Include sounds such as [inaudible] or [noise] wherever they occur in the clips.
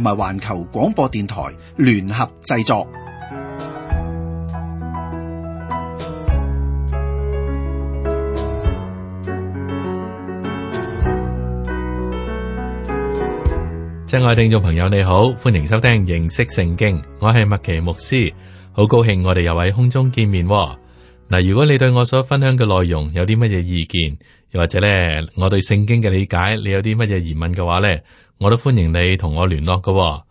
同埋環球廣播電台聯合製作。親愛的聽眾朋友，你好，歡迎收聽認識聖經。我係麥奇牧師，好高興我哋又喺空中見面。嗱，如果你對我所分享嘅內容有啲乜嘢意見，又或者咧我對聖經嘅理解，你有啲乜嘢疑問嘅話咧？我都歡迎你同我聯絡嘅喎。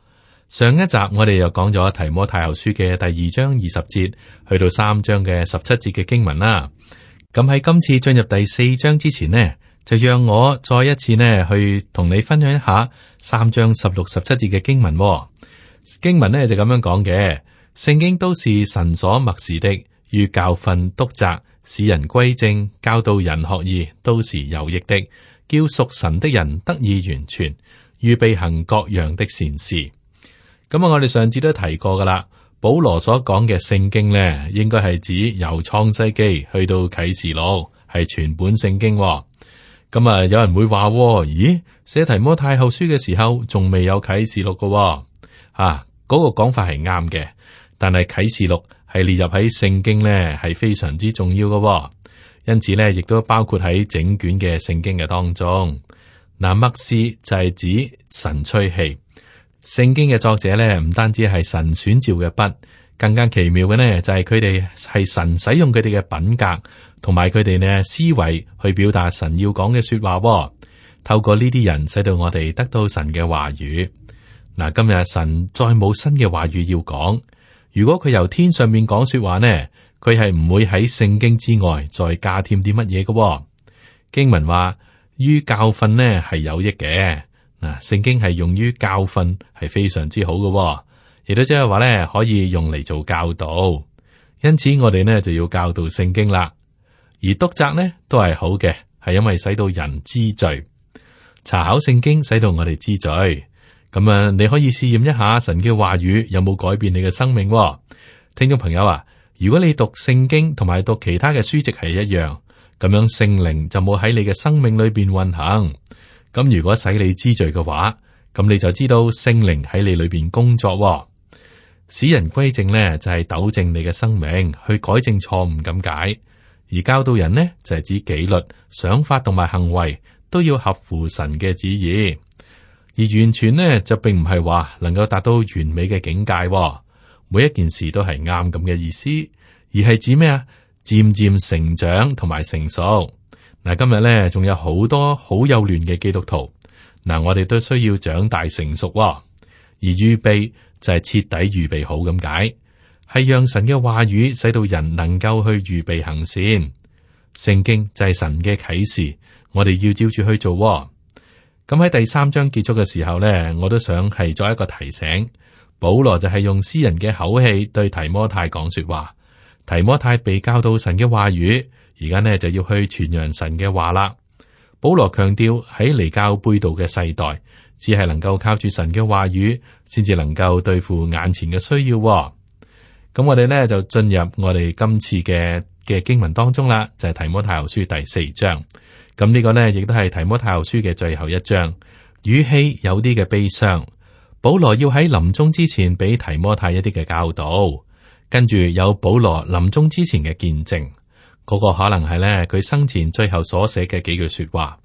上一集我哋又講咗《提摩太後書》嘅第二章二十節去到三章嘅十七節嘅經文啦。咁喺今次進入第四章之前呢，就讓我再一次呢去同你分享一下三章十六、十七節嘅經文喎。經文呢就咁樣講嘅，聖經都是神所默示的，於教訓、督責、使人歸正、教導人學義，都是有益的，叫屬神的人得以完全。預備行各樣的善事，咁啊，我哋上次都提過噶啦。保羅所講嘅聖經咧，應該係指由創世紀去到啟示錄，係全本聖經。咁啊，有人會話：咦，寫提摩太後書嘅時候，仲未有啟示錄噶喎？啊，嗰個講法係啱嘅，但係啟示錄係列入喺聖經咧，係非常之重要噶喎。因此咧，亦都包括喺整卷嘅聖經嘅當中。嗱，默示就係指神吹氣。聖經嘅作者咧，唔單止係神選召嘅筆，更加奇妙嘅呢，就係佢哋係神使用佢哋嘅品格同埋佢哋呢思維去表達神要講嘅說話。透過呢啲人，使到我哋得到神嘅話語。嗱，今日神再冇新嘅話語要講。如果佢由天上面講說話呢，佢係唔會喺聖經之外再加添啲乜嘢嘅。經文話。於教訓呢係有益嘅，嗱，聖經係用於教訓係非常之好嘅，亦都即係話咧可以用嚟做教導，因此我哋呢就要教導聖經啦。而督責呢都係好嘅，係因為使到人知罪，查考聖經使到我哋知罪。咁啊，你可以試驗一下神嘅話語有冇改變你嘅生命。聽眾朋友啊，如果你讀聖經同埋讀其他嘅書籍係一樣。咁樣聖靈就冇喺你嘅生命裏邊運行，咁如果使你知罪嘅話，咁你就知道聖靈喺你裏邊工作、哦，使人歸正呢，就係、是、糾正你嘅生命，去改正錯誤咁解。而教導人呢，就係、是、指紀律、想法同埋行為都要合乎神嘅旨意，而完全呢，就並唔係話能夠達到完美嘅境界、哦，每一件事都係啱咁嘅意思，而係指咩啊？漸漸成長同埋成熟，嗱今日咧仲有好多好幼嫩嘅基督徒，嗱我哋都需要長大成熟，哦，而預備就係徹底預備好咁解，係讓神嘅話語使到人能夠去預備行善。聖經就係神嘅啟示，我哋要照住去做，哦。咁喺第三章結束嘅時候咧，我都想係作一個提醒，保羅就係用私人嘅口氣對提摩太講說話。提摩太被教導神嘅話語，而家呢就要去傳揚神嘅話啦。保羅強調喺離教背道嘅世代，只係能夠靠住神嘅話語，先至能夠對付眼前嘅需要。咁我哋呢就進入我哋今次嘅嘅經文當中啦，就係、是、提摩太後書第四章。咁、這、呢個呢亦都係提摩太後書嘅最後一章，語氣有啲嘅悲傷。保羅要喺臨終之前俾提摩太一啲嘅教導。跟住有保羅臨終之前嘅見證，嗰、那個可能係咧佢生前最後所寫嘅幾句說話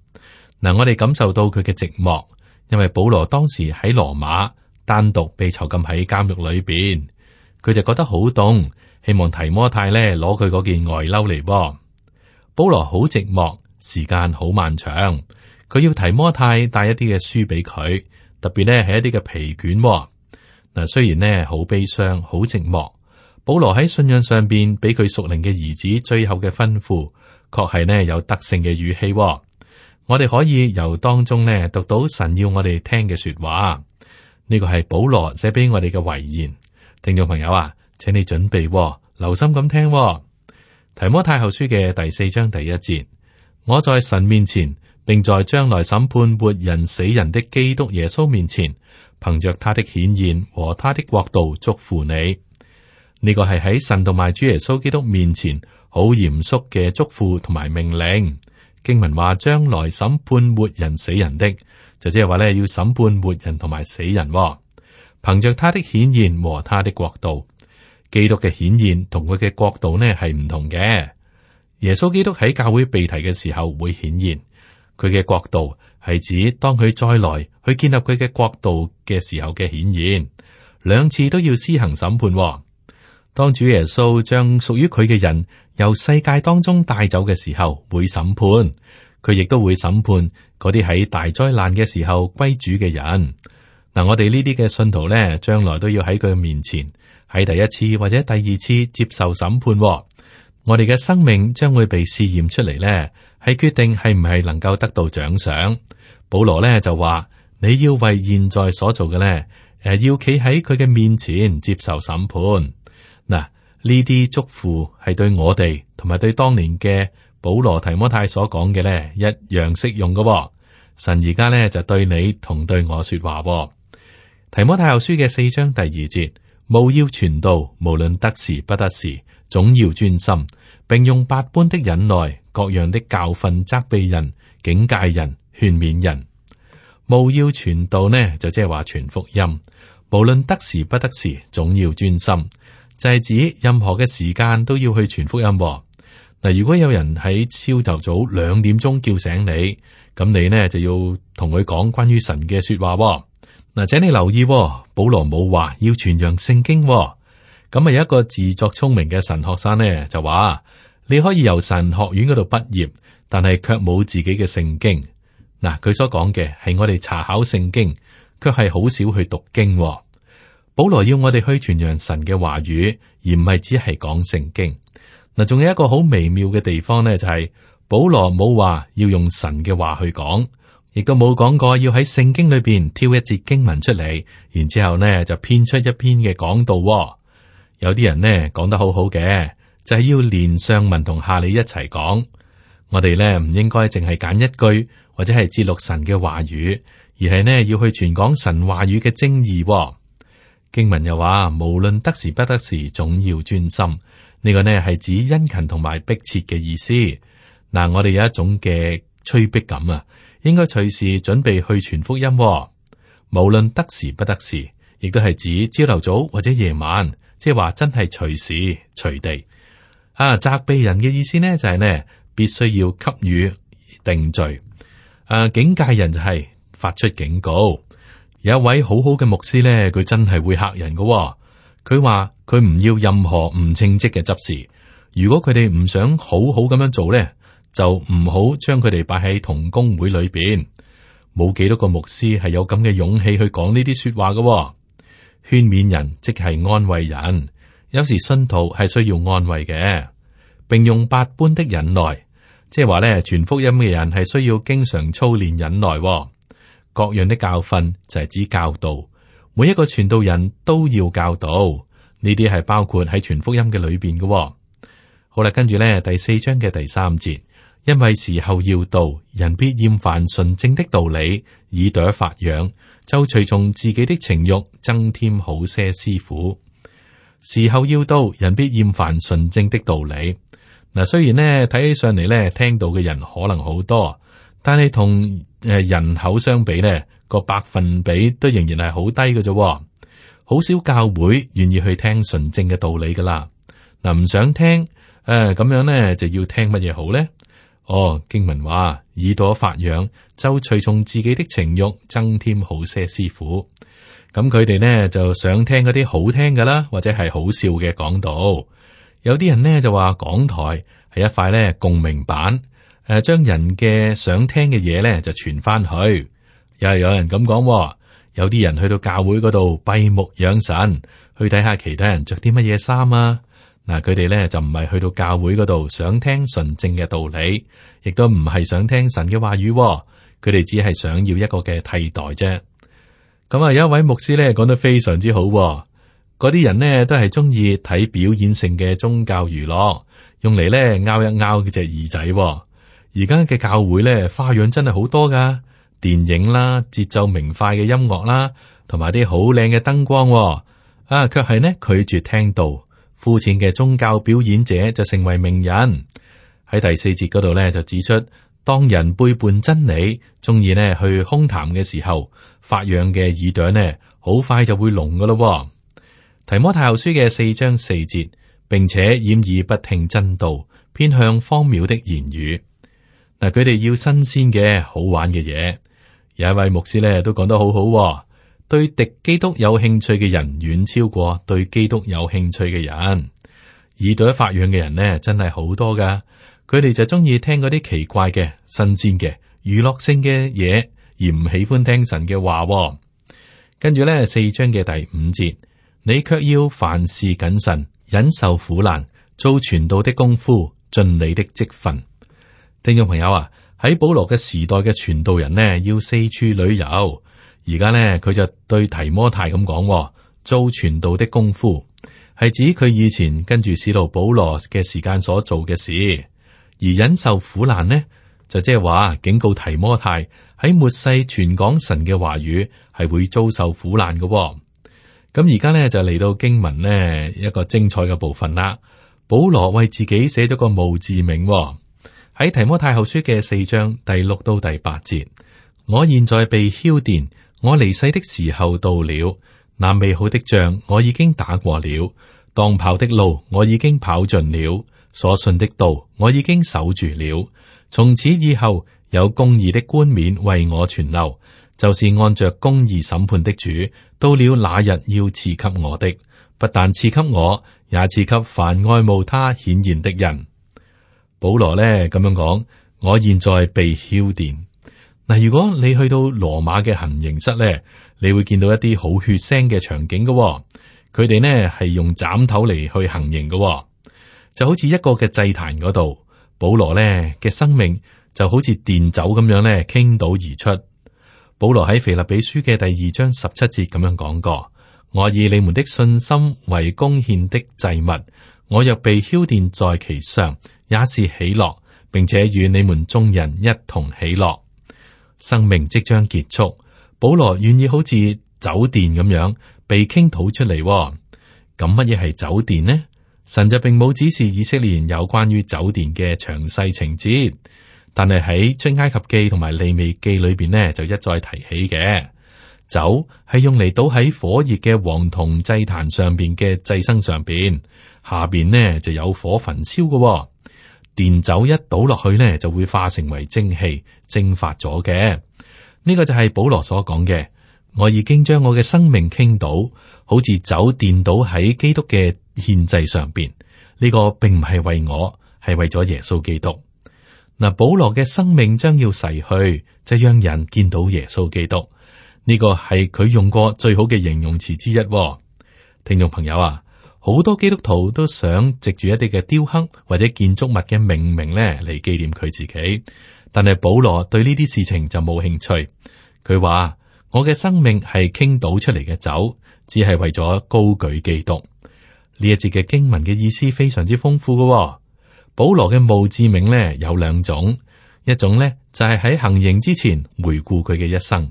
嗱、嗯。我哋感受到佢嘅寂寞，因為保羅當時喺羅馬單獨被囚禁喺監獄裏邊，佢就覺得好凍，希望提摩太咧攞佢嗰件外褸嚟、哦。保羅好寂寞，時間好漫長，佢要提摩太帶一啲嘅書俾佢，特別咧係一啲嘅皮卷嗱。雖然呢好悲傷，好寂寞。保羅喺信仰上邊，俾佢屬靈嘅兒子最後嘅吩咐，確係咧有特性嘅語氣、哦。我哋可以由當中咧讀到神要我哋聽嘅說話。呢個係保羅寫俾我哋嘅遺言，聽眾朋友啊，請你準備、哦、留心咁聽、哦。提摩太後書嘅第四章第一節，我在神面前，並在將來審判活人死人的基督耶穌面前，憑着他的顯現和他的國度祝福你。呢個係喺神度賣主耶穌基督面前好嚴肅嘅囑咐同埋命令經文話將來審判活人死人的，就即係話咧，要審判活人同埋死人、哦。憑着他的顯現和他的國度，基督嘅顯現同佢嘅國度咧係唔同嘅。耶穌基督喺教會被提嘅時候會顯現，佢嘅國度係指當佢再來去建立佢嘅國度嘅時候嘅顯現。兩次都要施行審判、哦。當主耶穌將屬於佢嘅人由世界當中帶走嘅時候，會審判佢，亦都會審判嗰啲喺大災難嘅時候歸主嘅人。嗱，我哋呢啲嘅信徒咧，將來都要喺佢面前喺第一次或者第二次接受審判。我哋嘅生命將會被試驗出嚟，咧，喺決定係唔係能夠得到獎賞。保羅咧就話你要為現在所做嘅咧，誒、呃，要企喺佢嘅面前接受審判。嗱，呢啲祝福係對我哋同埋對當年嘅保羅提摩太所講嘅咧，一樣適用嘅。神而家咧就對你同對我說話。提摩太後書嘅四章第二節，務要傳道，無論得時不得時，總要專心，並用百般的忍耐、各樣的教訓、責備人、警戒人、勸勉人。務要傳道咧，就即係話傳福音，無論得時不得時，總要專心。就係指任何嘅時間都要去傳福音喎。嗱，如果有人喺朝頭早兩點鐘叫醒你，咁你呢就要同佢講關於神嘅說話喎。嗱，請你留意喎，保羅冇話要傳揚聖經喎。咁啊，有一個自作聰明嘅神學生呢，就話你可以由神學院嗰度畢業，但係卻冇自己嘅聖經。嗱、啊，佢所講嘅係我哋查考聖經，卻係好少去讀經喎。保羅要我哋去傳揚神嘅話語，而唔係只係講聖經。嗱，仲有一個好微妙嘅地方咧，就係，就係保羅冇話要用神嘅話去講，亦都冇講過要喺聖經裏邊挑一節經文出嚟，然之後咧就編出一篇嘅講道。哦。有啲人呢講得好好嘅，就係、是、要連上文同下理一齊講。我哋咧唔應該淨係揀一句或者係接錄神嘅話語，而係呢要去傳講神話語嘅精義。哦。經文又話，無論得時不得時，總要專心。呢、呢個呢係指殷勤同埋迫切嘅意思。嗱，我哋有一種嘅催逼感啊，應該隨時準備去傳福音、哦。無論得時不得時，亦都係指朝頭早或者夜晚，即係話真係隨時隨地。啊，責備人嘅意思呢就係、是、呢，必須要給予定罪。誒、啊，警戒人就係發出警告。有一位好好嘅牧師咧，佢真係會嚇人噶、哦。佢話佢唔要任何唔稱職嘅執事，如果佢哋唔想好好咁樣做咧，就唔好將佢哋擺喺同工會裏邊。冇幾多個牧師係有咁嘅勇氣去講呢啲說話噶、哦。勸勉人即係安慰人，有時信徒係需要安慰嘅，並用百般的忍耐，即係話咧傳福音嘅人係需要經常操練忍耐、哦。各樣的教訓就係指教導，每一個傳道人都要教導，呢啲係包括喺全福音嘅裏邊嘅。好啦，跟住咧第四章嘅第三節，因為時候要到，人必厭煩純正的道理，耳朵發癢，就隨從自己的情欲，增添好些師傅。時候要到，人必厭煩純正的道理。嗱，雖然呢睇起上嚟咧，聽到嘅人可能好多。但係同誒，人口相比咧，個百分比都仍然係好低嘅啫，好少教會願意去聽純正嘅道理噶啦。嗱，唔想聽誒，咁樣咧，就要聽乜嘢好咧？哦，經文話耳朵發癢，就隨從自己的情欲，增添好些師傅。咁佢哋咧就想聽嗰啲好聽噶啦，或者係好笑嘅講道。有啲人咧就話，講台係一塊咧共鳴板。誒，將人嘅想聽嘅嘢咧，就傳翻去。又係有人咁講喎，有啲人去到教會嗰度閉目養神，去睇下其他人着啲乜嘢衫啊。嗱、啊，佢哋咧就唔係去到教會嗰度想聽純正嘅道理，亦都唔係想聽神嘅話語喎。佢哋只係想要一個嘅替代啫。咁啊，有一位牧師咧講得非常之好喎。嗰啲人咧都係中意睇表演性嘅宗教娛樂，用嚟咧拗一拗佢隻耳仔喎。而家嘅教會咧，花樣真係好多噶電影啦，節奏明快嘅音樂啦，同埋啲好靚嘅燈光、哦、啊，卻係呢拒絕聽道。膚淺嘅宗教表演者就成為名人。喺第四節嗰度咧就指出，當人背叛真理，中意呢去空談嘅時候，發癢嘅耳朵呢好快就會聾噶咯。提摩太後書嘅四章四節，並且掩耳不聽真道，偏向荒謬的言語。嗱，佢哋要新鮮嘅、好玩嘅嘢。有一位牧師咧，都講得好好、哦。對敵基督有興趣嘅人，遠超過對基督有興趣嘅人。耳朵發癢嘅人呢，真係好多噶。佢哋就中意聽嗰啲奇怪嘅、新鮮嘅、娛樂性嘅嘢，而唔喜歡聽神嘅話、哦。跟住咧，四章嘅第五節，你卻要凡事謹慎，忍受苦難，做傳道的功夫，盡你的職分。聽眾朋友啊，喺保羅嘅時代嘅傳道人呢，要四處旅遊。而家呢，佢就對提摩太咁講、哦，做傳道的功夫係指佢以前跟住使徒保羅嘅時間所做嘅事，而忍受苦難呢，就即係話警告提摩太：「喺末世傳講神嘅話語係會遭受苦難嘅、哦。咁而家呢，就嚟到經文呢一個精彩嘅部分啦。保羅為自己寫咗個墓誌銘。喺提摩太後書嘅四章第六到第八節，我現在被澆奠，我離世的時候到了。那美好的仗我已經打過了，當跑的路我已經跑盡了，所信的道我已經守住了。從此以後，有公義的冠冕為我存留，就是按着公義審判的主，到了那日要賜給我的，不但賜給我，也賜給凡愛慕他顯現的人。保羅咧咁樣講，我現在被澆奠嗱、啊。如果你去到羅馬嘅行刑室咧，你會見到一啲好血腥嘅場景噶、哦。佢哋呢係用斬頭嚟去行刑噶、哦，就好似一個嘅祭壇嗰度。保羅咧嘅生命就好似奠酒咁樣咧傾倒而出。保羅喺腓立比書嘅第二章十七節咁樣講過：我以你們的信心為貢獻的祭物，我若被澆奠在其上。也是喜樂，並且與你們眾人一同喜樂。生命即將結束，保羅願意好似酒店咁樣被傾吐出嚟喎。咁乜嘢係酒店呢？神就並冇指示以色列有關於酒店嘅詳細情節，但係喺出埃及記同埋利未記裏邊呢，就一再提起嘅。酒係用嚟倒喺火熱嘅黃銅祭壇上邊嘅祭牲上邊，下邊呢就有火焚燒㗎喎。奠酒一倒落去呢，就會化成為蒸氣，蒸發咗嘅。呢、這個就係保羅所講嘅。我已經將我嘅生命傾倒，好似酒奠倒喺基督嘅獻祭上邊。呢、這個並唔係為我，係為咗耶穌基督。嗱，保羅嘅生命將要逝去，就讓人見到耶穌基督。呢、這個係佢用過最好嘅形容詞之一、哦。聽眾朋友啊！好多基督徒都想藉住一啲嘅雕刻或者建築物嘅命名咧嚟，紀念佢自己，但係保羅對呢啲事情就冇興趣。佢話：我嘅生命係傾倒出嚟嘅酒，只係為咗高舉基督。呢一節嘅經文嘅意思非常之豐富嘅，哦。保羅嘅墓誌銘咧有兩種，一種咧就係喺行刑之前回顧佢嘅一生，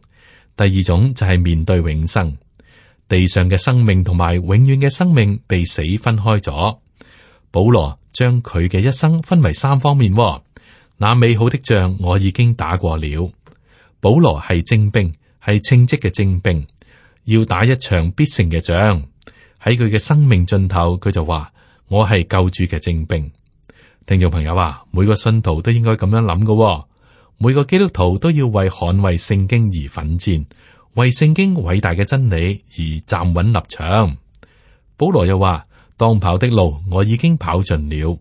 第二種就係面對永生。地上嘅生命同埋永遠嘅生命被死分開咗。保羅將佢嘅一生分為三方面，哦。那美好的仗我已經打過了。保羅係精兵，係稱職嘅精兵，要打一場必勝嘅仗。喺佢嘅生命盡頭，佢就話：我係救主嘅精兵。聽眾朋友話，每個信徒都應該咁樣諗噶，哦。每個基督徒都要為捍衛聖經而奮戰。為聖經偉大嘅真理而站穩立場。保羅又話：當跑的路，我已經跑盡了。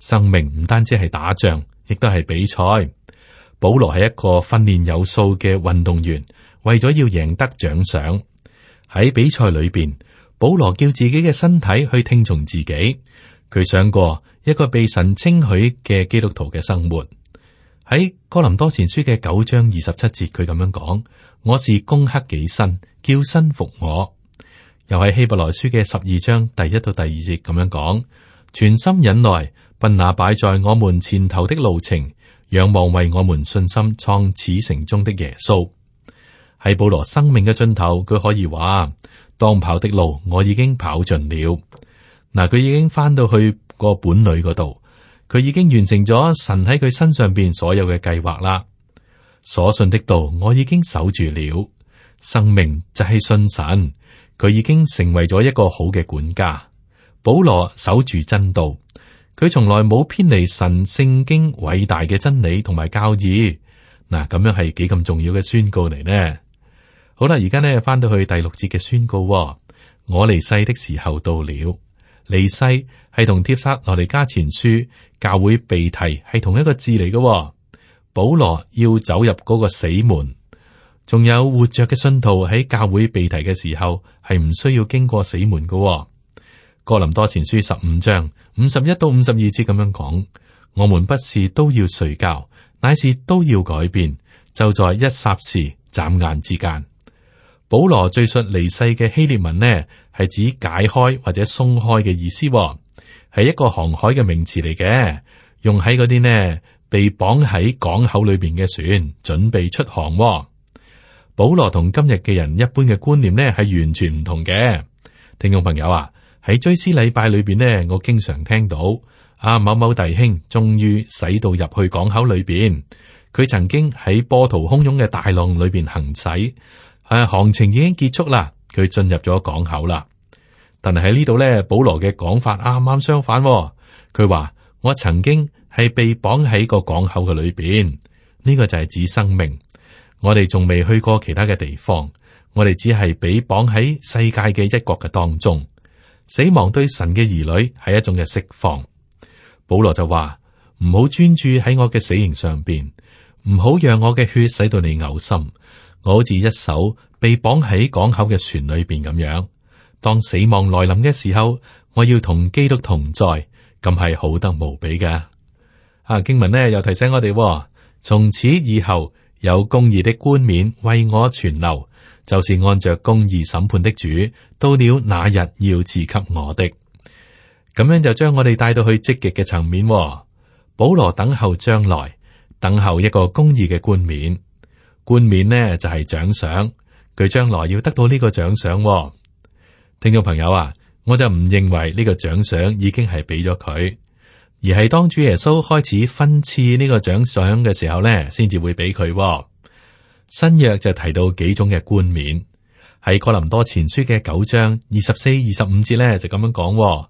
生命唔單止係打仗，亦都係比賽。保羅係一個訓練有素嘅運動員，為咗要贏得獎賞喺比賽裏邊。保羅叫自己嘅身體去聽從自己。佢想過一個被神稱許嘅基督徒嘅生活。喺哥林多前書嘅九章二十七節，佢咁樣講。我是攻克己身，叫身服我。又係希伯來書嘅十二章第一到第二節咁樣講，全心忍耐，奔那擺在我們前頭的路程，仰望為我們信心創始成終的耶穌。喺保羅生命嘅盡頭，佢可以話：當跑的路我已經跑盡了。嗱，佢已經翻到去個本壘嗰度，佢已經完成咗神喺佢身上邊所有嘅計劃啦。所信的道我已經守住了，生命就係信神，佢已經成為咗一個好嘅管家。保羅守住真道，佢從來冇偏離神聖經偉大嘅真理同埋教義。嗱、啊，咁樣係幾咁重要嘅宣告嚟呢？好啦，而家呢翻到去第六節嘅宣告，哦，我離世的時候到了，離世係同帖撒羅尼加前書教會被提係同一個字嚟嘅，哦。保羅要走入嗰個死門，仲有活着嘅信徒喺教會被提嘅時候係唔需要經過死門嘅、哦。哥林多前書十五章五十一到五十二節咁樣講：我們不是都要睡覺，乃是都要改變，就在一霎時、眨眼之間。保羅敘述離世嘅希臘文呢，係指解開或者鬆開嘅意思、哦，係一個航海嘅名詞嚟嘅，用喺嗰啲呢。被綁喺港口裏邊嘅船，準備出航喎。保羅同今日嘅人一般嘅觀念呢，係完全唔同嘅。聽眾朋友啊，喺追思禮拜裏邊呢，我經常聽到啊，某某弟兄終於駛到入去港口裏邊。佢曾經喺波濤洶湧嘅大浪裏邊行駛，誒、啊，行程已經結束啦，佢進入咗港口啦。但係喺呢度呢，保羅嘅講法啱啱相反喎。佢話我曾經。係被綁喺個港口嘅裏邊，呢個就係指生命。我哋仲未去過其他嘅地方，我哋只係被綁喺世界嘅一角嘅當中。死亡對神嘅兒女係一種嘅釋放。保羅就話唔好專注喺我嘅死刑上邊，唔好讓我嘅血使到你嘔心。我好似一艘被綁喺港口嘅船裏邊咁樣。當死亡來臨嘅時候，我要同基督同在，咁係好得無比嘅。啊經文呢又提醒我哋，哦，從此以後有公義的冠冕為我存留，就是按着公義審判的主，到了那日要賜給我的。咁樣就將我哋帶到去積極嘅層面，哦。保羅等候將來，等候一個公義嘅冠冕。冠冕呢就係、是、獎賞，佢將來要得到呢個獎賞，哦。聽眾朋友啊，我就唔認為呢個獎賞已經係俾咗佢。而係當主耶穌開始分賜呢個獎賞嘅時候咧，先至會俾佢、哦。新約就提到幾種嘅冠冕，喺哥林多前書嘅九章二十四、二十五節咧就咁樣講：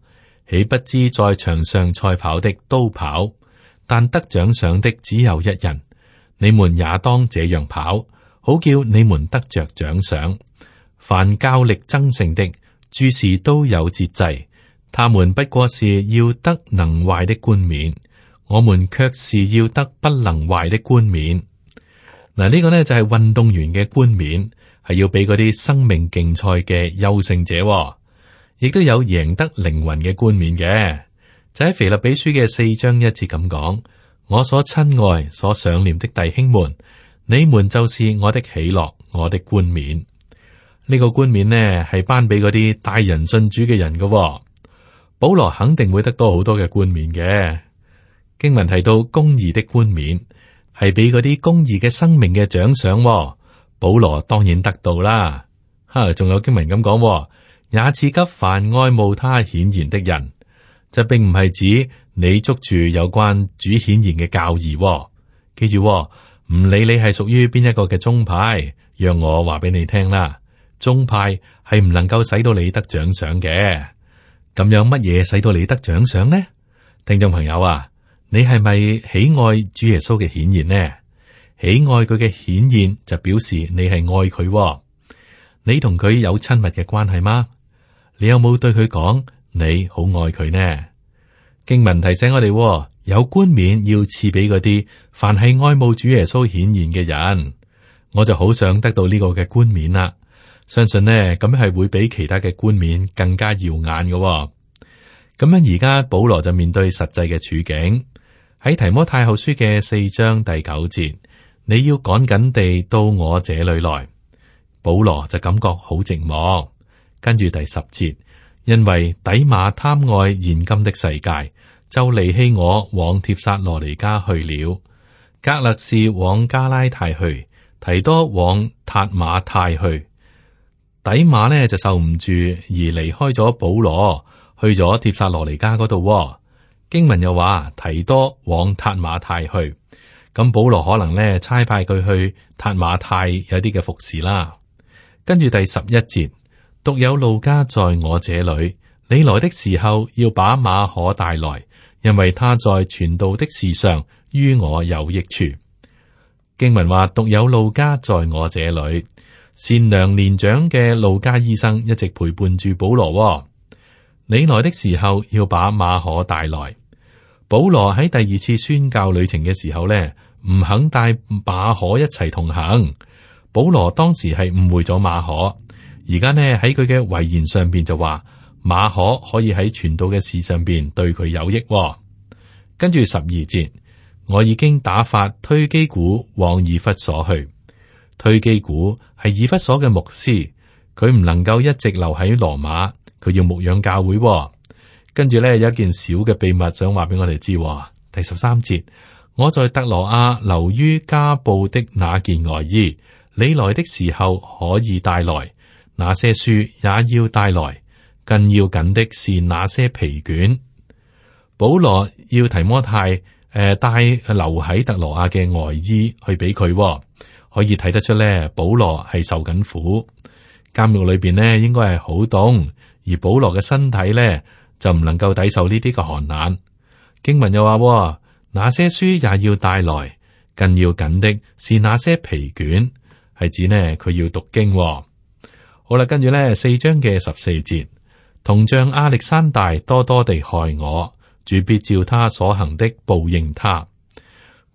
豈不知在場上賽跑的都跑，但得獎賞的只有一人。你們也當這樣跑，好叫你們得着獎賞。凡交力爭勝的，諸事都有節制。他們不過是要得能壞的冠冕，我們卻是要得不能壞的冠冕。嗱，呢個呢就係、是、運動員嘅冠冕，係要俾嗰啲生命競賽嘅優勝者、哦。亦都有贏得靈魂嘅冠冕嘅，就喺《腓立比書》嘅四章一節咁講：我所親愛、所想念的弟兄們，你們就是我的喜樂，我的冠冕。呢、這個冠冕呢，係頒俾嗰啲帶人信主嘅人嘅、哦。保羅肯定會得到好多嘅冠冕嘅。經文提到公義的冠冕，係俾嗰啲公義嘅生命嘅獎賞。保羅當然得到啦。吓、啊，仲有經文咁講、哦，也賜給凡愛慕他顯現的人。就係並唔係指你捉住有關主顯現嘅教義、哦。記住、哦，唔理你係屬於邊一個嘅宗派，讓我話俾你聽啦。宗派係唔能夠使到你得獎賞嘅。咁樣乜嘢使到你得獎賞呢？聽眾朋友啊，你係咪喜愛主耶穌嘅顯現呢？喜愛佢嘅顯現就表示你係愛佢，哦，你同佢有親密嘅關係嗎？你有冇對佢講你好愛佢呢？經文提醒我哋，有冠冕要賜俾嗰啲凡係愛慕主耶穌顯現嘅人，我就好想得到呢個嘅冠冕啦。相信呢咁係會比其他嘅冠冕更加耀眼嘅，哦。咁樣而家保羅就面對實際嘅處境，喺提摩太後書嘅四章第九節，你要趕緊地到我這裏來。保羅就感覺好寂寞。跟住第十節，因為底馬貪愛現今的世界，就離棄我往帖撒羅尼迦去了。革勒士往加拉太去，提多往撻馬太去。底馬呢就受唔住而離開咗保羅，去咗帖撒羅尼加嗰度。經文又話提多往撻馬太去，咁保羅可能呢差派佢去撻馬太，有啲嘅服侍啦。跟住第十一節，獨有路加在我這裏，你來的時候要把馬可帶來，因為他在傳道的事上於我有益處。經文話，獨有路加在我這裏。善良年長嘅路加醫生一直陪伴住保羅。你來的時候要把馬可帶來。保羅喺第二次宣教旅程嘅時候呢，唔肯帶馬可一齊同行。保羅當時係誤會咗馬可，而家呢，喺佢嘅遺言上邊就話馬可可以喺傳道嘅事上邊對佢有益。跟住十二節，我已經打發推基古往以弗所去，推基古。係以弗所嘅牧師，佢唔能夠一直留喺羅馬，佢要牧養教會，哦。跟住咧，有一件小嘅秘密想話俾我哋知。第十三節，我在特羅亞留於加布的那件外衣，你來的時候可以帶來；那些書也要帶來，更要緊的是那些皮卷。保羅要提摩太誒、呃、帶留喺特羅亞嘅外衣去俾佢，哦。可以睇得出咧，保羅係受緊苦，監獄裏邊呢，應該係好凍，而保羅嘅身體咧就唔能夠抵受呢啲嘅寒冷。經文又話、哦，那些書也要帶來，更要緊的是那些皮卷，係指呢佢要讀經、哦。好啦，跟住咧四章嘅十四節，銅匠亞歷山大多多地害我，主必照他所行的報應他。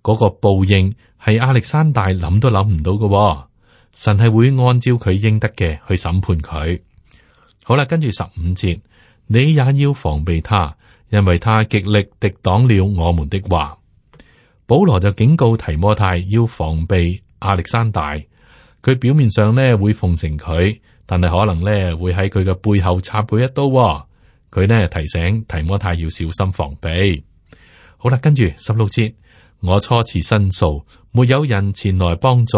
嗰、那個報應。係亞歷山大諗都諗唔到嘅、哦，神係會按照佢應得嘅去審判佢。好啦，跟住十五節， [noise] 你也要防備他，因為他極力敵擋了我們的話。保羅就警告提摩太要防備亞歷山大，佢表面上呢會奉承佢，但係可能呢會喺佢嘅背後插佢一刀、哦。佢呢提醒提摩太要小心防備。好啦，跟住十六節。我初次申訴，沒有人前來幫助，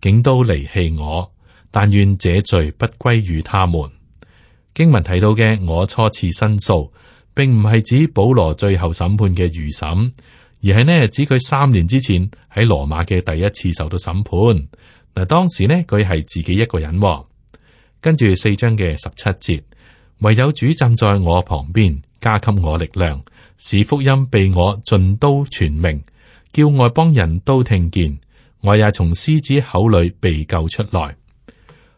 竟都離棄我。但願這罪不歸於他們。經文提到嘅我初次申訴，並唔係指保羅最後審判嘅預審，而係呢指佢三年之前喺羅馬嘅第一次受到審判嗱。當時呢，佢係自己一個人。跟住四章嘅十七節，唯有主站在我旁邊，加給我力量，使福音被我盡都傳明。叫外邦人都聽見，我也從獅子口裏被救出來。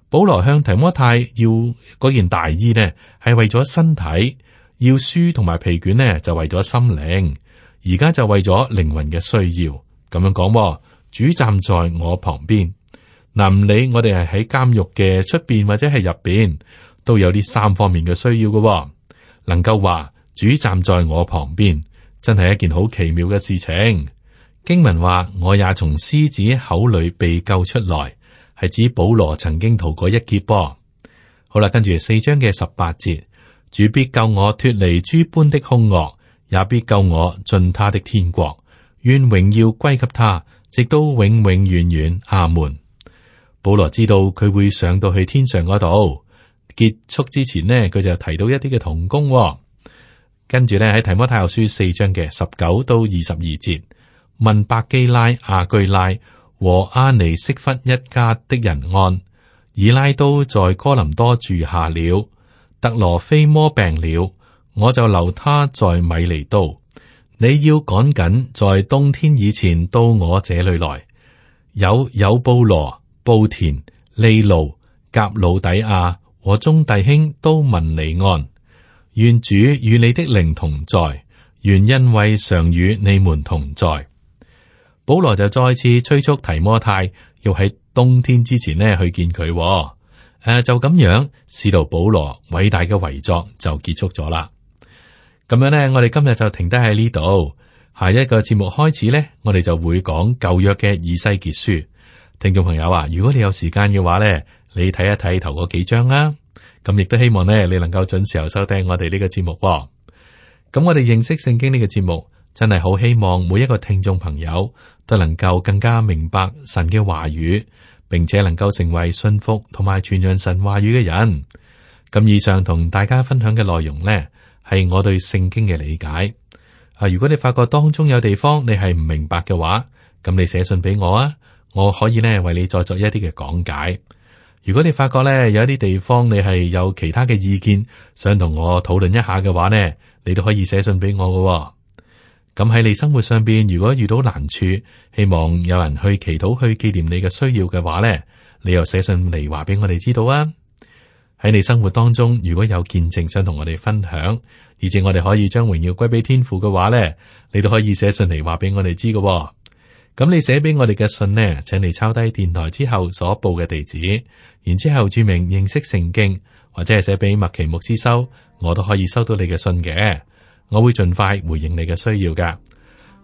保羅向提摩太要嗰件大衣呢，係為咗身體，要書同埋皮卷呢，就為咗心靈。而家就為咗靈魂嘅需要咁樣講、哦。主站在我旁邊，唔、啊、理我哋係喺監獄嘅出邊或者係入邊，都有呢三方面嘅需要噶、哦。能夠話主站在我旁邊，真係一件好奇妙嘅事情。經文話，我也從獅子口裏被救出來，係指保羅曾經逃過一劫波。波好啦，跟住四章嘅十八節，主必救我脫離諸般的兇惡，也必救我進他的天國。願榮耀歸給他，直到永永遠遠，遠。阿門。保羅知道佢會上到去天上嗰度，結束之前呢，佢就提到一啲嘅童工、哦。跟住咧，喺提摩太後書四章嘅十九到二十二節。問白基拉、阿巨拉和阿尼色弗一家的人安，以拉都在哥林多住下了，特羅菲摩病了，我就留他在米尼都。你要趕緊在冬天以前到我這裏來。有有布羅、布田、利路、甲魯底亞和中弟兄都問你安。願主與你的靈同在，願恩惠常與你們同在。保羅就再次催促提摩太要喺冬天之前呢去見佢。哦、誒、啊，就咁樣，使徒保羅偉大嘅遺作就結束咗啦。咁樣呢，我哋今日就停低喺呢度，下一個節目開始呢，我哋就會講舊約嘅以西結書。聽眾朋友啊，如果你有時間嘅話呢，你睇一睇頭嗰幾章啦。咁、嗯、亦都希望呢，你能夠準時收聽我哋呢個，哦嗯這個節目。咁我哋認識聖經呢個節目真係好希望每一個聽眾朋友都能夠更加明白神嘅話語，並且能夠成為信服同埋傳揚神話語嘅人。咁以上同大家分享嘅內容呢，係我對聖經嘅理解。啊，如果你發覺當中有地方你係唔明白嘅話，咁你寫信俾我啊，我可以呢為你再作，作一啲嘅講解。如果你發覺呢有一啲地方你係有其他嘅意見，想同我討論一下嘅話呢，你都可以寫信俾我㗎。咁喺你生活上邊，如果遇到難處，希望有人去祈禱、去紀念你嘅需要嘅話呢，你又寫信嚟話俾我哋知道啊！喺你生活當中，如果有見證想同我哋分享，而且我哋可以將榮耀歸俾天父嘅話呢，你都可以寫信嚟話俾我哋知嘅。咁你寫俾我哋嘅信呢，請你抄低電台之後所報嘅地址，然之後注明認識聖經，或者係寫俾麥奇牧師收，我都可以收到你嘅信嘅。我會盡快回應你嘅需要噶，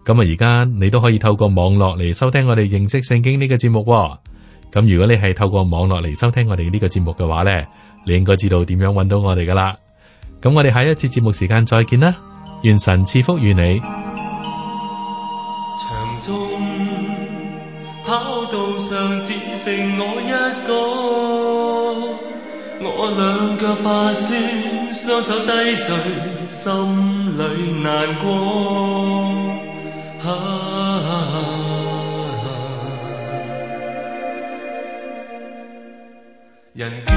咁啊而家你都可以透過網絡嚟收聽我哋認識聖經呢個節目喎。咁如果你係透過網絡嚟收聽我哋呢個節目嘅話呢，你應該知道點樣揾到我哋噶啦。咁我哋下一次節目時間再見啦，願神賜福與你。場中跑道上只剩我一個我兩腳發酸，雙手低垂，心裏難過。啊啊啊啊人